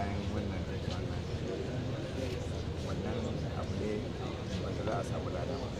bayan wannan wannan abu ne wanda za a samu lada